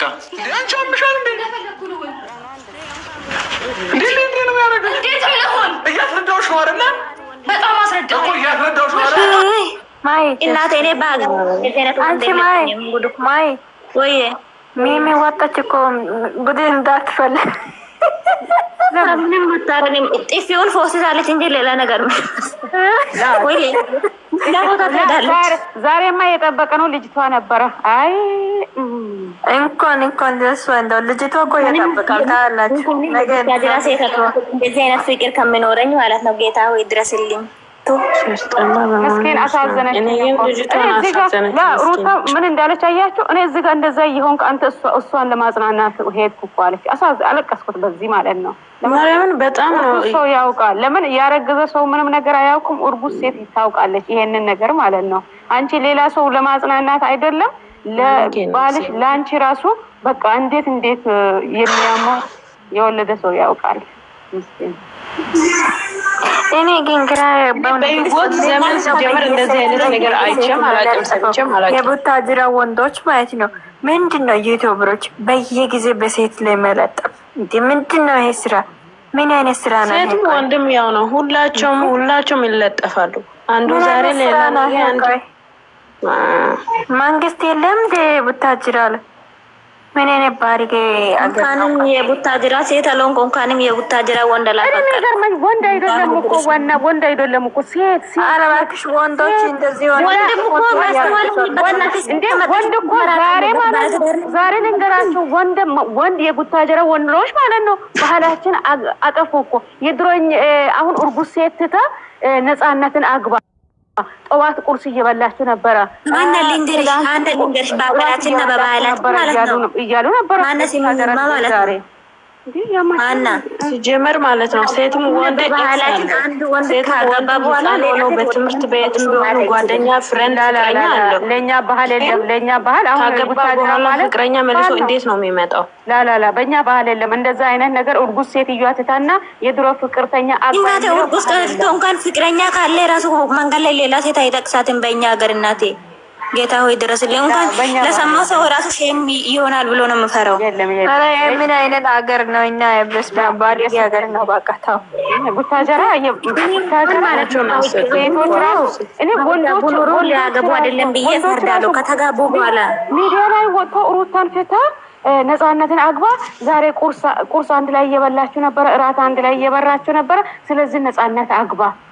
በቃ እንዴ አንቺ አምሻል እንዴ እንዴ ነው ያደረገው? እንዴት ይሆን? እያስረዳሁሽ ነው አይደለ? በጣም አስረዳ እያስረዳሁሽ ነው አይደለ? ማይ እናቴ እኔ አንቺ ማይ ማይ ወይ ሚሚ ወጣች እኮ ጉድ እንዳትፈልግ ምንም ጥፊውን ፎስታለች እንጂ ሌላ ነገር ወይ ዛሬማ የጠበቀ ነው ልጅቷ ነበረ። አይ እንኳን እንኳን ደስ እንደው ልጅቷ እኮ የጠበቃል ታላችሁ። እንደዚህ አይነት ፍቅር ከሚኖረኝ ማለት ነው። ጌታ ሆይ ድረስልኝ። ምስኪን አሳዘነች። ሩታ ምን እንዳለች አያችሁ? እኔ እዚህ ጋር እንደዛ እየሆንክ አንተ እሷን ለማጽናናት ሄድኩ እኮ አለች። አለቀስኩት በዚህ ማለት ነው። ማርያምን በጣም ሰው ያውቃል። ለምን ያረገዘ ሰው ምንም ነገር አያውቅም። እርጉዝ ሴት ይታውቃለች ይሄንን ነገር ማለት ነው። አንቺ ሌላ ሰው ለማጽናናት አይደለም ለባልሽ ለአንቺ ራሱ በቃ እንዴት እንዴት የሚያመው የወለደ ሰው ያውቃል ምስኪን እኔ ግን ግራ በህይወት ዘመን ሲጀምር እንደዚህ አይነት ነገር አይቼም አላውቅም ሰምቼም አላውቅም። የቡታጅራ ወንዶች ማለት ነው። ምንድን ነው ዩቱበሮች በየጊዜ በሴት ላይ መለጠፍ እንዲ ምንድን ነው ይሄ ስራ? ምን አይነት ስራ ነው? ሴትም ወንድም ያው ነው። ሁላቸውም ሁላቸውም ይለጠፋሉ። አንዱ ዛሬ ሌላ ነው። መንግስት የለም ቡታጅራ ላይ ምን አይነት ባሪጌ እንኳንም የቡታጅራ ሴት አልሆንኩ፣ እንኳንም የቡታጅራ ወንድ ላይገርመኝ። ወንድ አይደለም እኮ ዋና ወንድ አይደለም እኮ ሴት ወንዶች እንደዚህ ወንድም እኮ ማስተዋል ወንድ እኮ ዛሬ ማለት ዛሬ ልንገራቸው፣ ወንድ የቡታጅራ ወንዶች ማለት ነው። ባህላችን አጠፉ እኮ የድሮኝ። አሁን እርጉዝ ሴት ነፃነትን አግባ ጠዋት ቁርስ እየበላችሁ ነበረ ማነ ልንገርሽ፣ አንድ ልንገርሽ፣ በአበላችንና በባህላችን ማለት ነው እያሉ ነበረ ማነስ ማለት ነው አና ሲጀምር ማለት ነው ሴትም ወንድ ሴትም ወንድ በኋላ ሆኖ በትምህርት ቤትም ቢሆኑ ጓደኛ ፍሬንድ ፍቅረኛ አለው። ለእኛ ባህል የለም። ለእኛ ባህል አሁን በኋላ ፍቅረኛ መልሶ እንዴት ነው የሚመጣው? ላላላ በእኛ ባህል የለም እንደዛ አይነት ነገር። እርጉዝ ሴትዮዋ ትታና የድሮ ፍቅርተኛ እርጉዝ ከፍቶ እንኳን ፍቅረኛ ካለ መንገድ ላይ ሌላ ሴት አይጠቅሳትም በእኛ ሀገር እናቴ ጌታ ሆይ ድረስልኝ። እንኳን ለሰማው ሰው ራሱ ሼም ይሆናል ብሎ ነው የምፈራው። ኧረ የምን አይነት አገር ነው? እና የብስ አብ ሀገር ነው በቃ ተው። ቡታጀራ ማለት ነው እኔ ቦኖሮ ሊያገቡ አይደለም ብዬ ፈርዳለሁ። ከተጋቡ በኋላ ሚዲያ ላይ ወጥቶ ሩታን ፍታ ነፃነትን አግባ። ዛሬ ቁርስ አንድ ላይ እየበላችሁ ነበረ፣ እራት አንድ ላይ እየበራችሁ ነበረ። ስለዚህ ነፃነት አግባ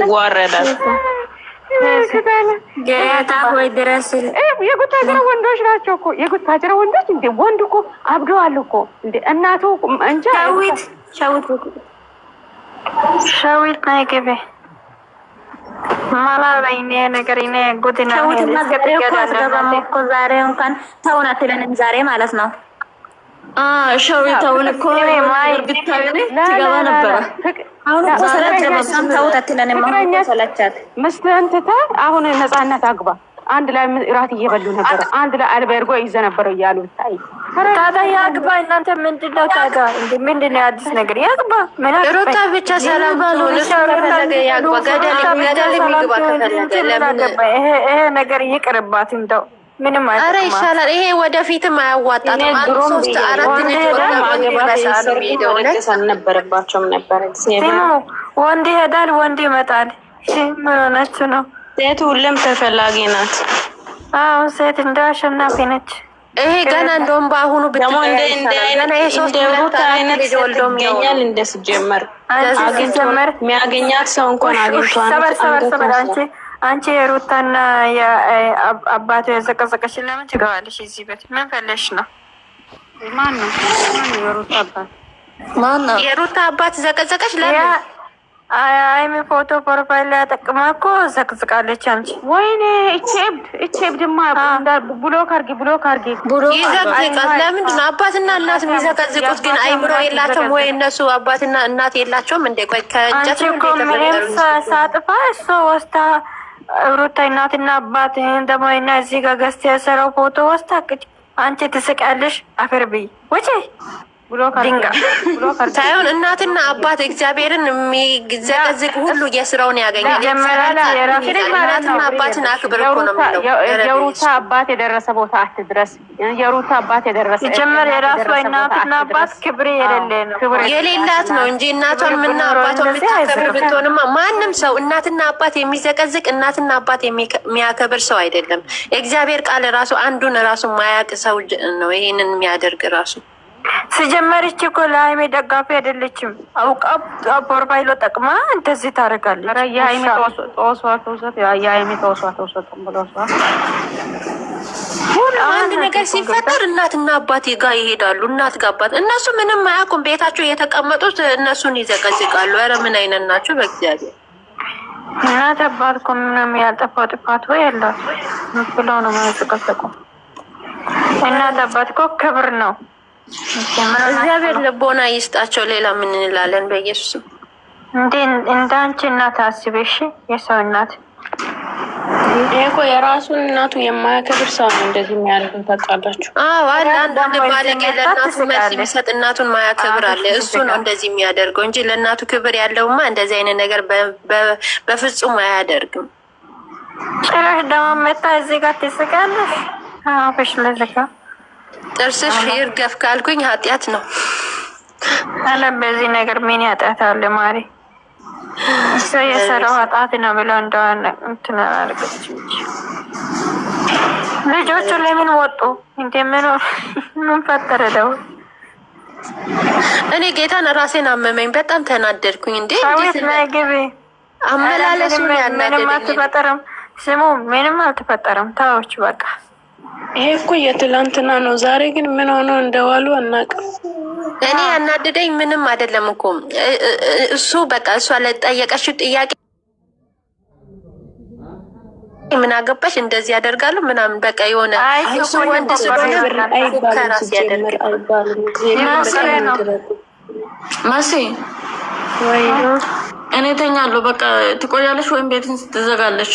ይዋረዳል። ጌታ ሆይ የጉታጅራ ወንዶች ናቸው እኮ የጉታጅራ ወንዶች እንደ ወንድ እኮ አብደዋል እኮ እንደ እናቱ ሸዊት ሸዊት ሸዊት ናይ ነገር ሸዊት ዛሬ እንኳን ዛሬ ማለት ነው ሸዊታውን እኮ ብታይ አሁን ነፃነት አግባ። አንድ ላይ እራት እየበሉ ነበረ። አንድ ላይ አልበርጎ ይዘ ነበረ እያሉ ብታይ ያግባ። እናንተ ምንድን ነው ታጋ? ምንድን ነው አዲስ ነገር? ያግባ ሩታ ብቻ ሰላም ነገር ይቅርባት እንደው ምንም አይ አረ ይሻላል። ይሄ ወደፊትም አያዋጣትም። አንድ ሶስት አራት ልጅ አልነበረባቸውም ነበረ። ወንድ ይሄዳል፣ ወንድ ይመጣል። ምን ሆናችሁ ነው? ሴት ሁሉም ተፈላጊ ናት። አዎ ሴት እንደ አሸናፊ ነች። ይሄ ገና እንደውም በአሁኑ ብትገኛል እንደ ሲጀመር የሚያገኛት ሰው እንኳን አግኝቷ አንቺ የሩታና አባቱ የዘቀዘቀች ለምን ትገባለች? እዚህ ቤት ምን ፈለሽ ነው? ማን የሩታ አባት? ዘቀዘቀች ለምን? አይሚ ፎቶ ፕሮፋይል ላይ ያጠቅማ እኮ ዘቅዝቃለች። አንቺ ወይኔ እቺ እብድ እቺ እብድማ ብሎክ አርጊ ብሎክ አርጊ ይዘቅዝቃት። ለምንድን ነው አባትና እናት የሚዘቀዝቁት? ግን አይምሮ የላቸውም ወይ እነሱ? አባትና እናት የላቸውም እንዴ? ቆይ ከእንጨት ነው ሳጥፋ እሷ ወስታ ሩታ እናትና አባትህን ደግሞ እዚህ ጋር ገዝተ የሰራው ፎቶ ወስታቅጭ አንቺ ትስቃለሽ። አፈር ብይ ውጪ ሳይሆን እናትና አባት እግዚአብሔርን የሚዘቀዝቅ ሁሉ የስራውን ያገኛል። እናትና አባትን አክብር እኮ ነው የሚለው። የሩታ አባት የደረሰ ቦታ አትድረስ። የሩታ አባት የደረሰ ጀመር የራሱ እናትና አባት ክብር የሌለ ነው የሌላት ነው እንጂ እናቷን ምና አባቷ የምታከብር ብትሆንማ ማንም ሰው እናትና አባት የሚዘቀዝቅ እናትና አባት የሚያከብር ሰው አይደለም። የእግዚአብሔር ቃል ራሱ አንዱን ራሱ ማያቅ ሰው ነው ይህንን የሚያደርግ ራሱ ስጀመርች እኮ ለሀይሜ ደጋፊ አይደለችም። አውቃ ፕሮፋይሎ ጠቅማ እንደዚህ ታደርጋለች። አንድ ነገር ሲፈጠር እናትና አባት ጋር ይሄዳሉ። እናት ጋ አባት እነሱ ምንም አያውቁም። ቤታቸው የተቀመጡት እነሱን ይዘቀዝቃሉ። ኧረ ምን አይነት ናቸው? በእግዚአብሔር እናት አባት እኮ ምንም ያልጠፋው ጥፋት ወይ ያላት ብለው ነው ማያዘቀዘቁ። እናት አባት እኮ ክብር ነው እግዚአብሔር ልቦና ይስጣቸው። ሌላ ምን እንላለን? በኢየሱስ እንደ አንቺ እናት አስቤሽ የሰው እናት እኮ የራሱን እናቱ የማያከብር ሰው ነው እንደዚህ የሚያደርግ ታውቃላችሁ። አዎ አለ አንዳንድ ባለጌ ለእናቱ መልስ የሚሰጥ እናቱን ማያከብር አለ። እሱ ነው እንደዚህ የሚያደርገው እንጂ ለእናቱ ክብር ያለውማ እንደዚህ አይነት ነገር በፍጹም አያደርግም። ጭራሽ ደግሞ መታ እዚህ ጋር ትስቃለሽ። አዎ ጥርስሽ ይርገፍ ካልኩኝ ኃጢአት ነው። አለ በዚህ ነገር ምን አለ? ማሪ እሷ የሰራው ኃጢአት ነው ብለው እንደሆነ ትናርገች። ልጆቹ ለምን ወጡ? እንደምን ምን ፈጠረ ደው እኔ ጌታን ራሴን አመመኝ። በጣም ተናደድኩኝ። እንዴ ሰዊት ግቢ አመላለሱ ምንም አልተፈጠረም። ስሙ ምንም አልተፈጠረም። ታዎች በቃ ይሄ እኮ የትላንትና ነው። ዛሬ ግን ምን ሆኖ እንደዋሉ አናውቅም። እኔ ያናደደኝ ምንም አይደለም እኮ እሱ በቃ እሷ ለጠየቀችው ጥያቄ ምን አገባሽ እንደዚህ ያደርጋሉ ምናምን በቃ የሆነ እሱ ወንድ ስለሆነ ከራስ ያደርግ መሲ እኔ ተኛለሁ። በቃ ትቆያለሽ ወይም ቤትን ትዘጋለች።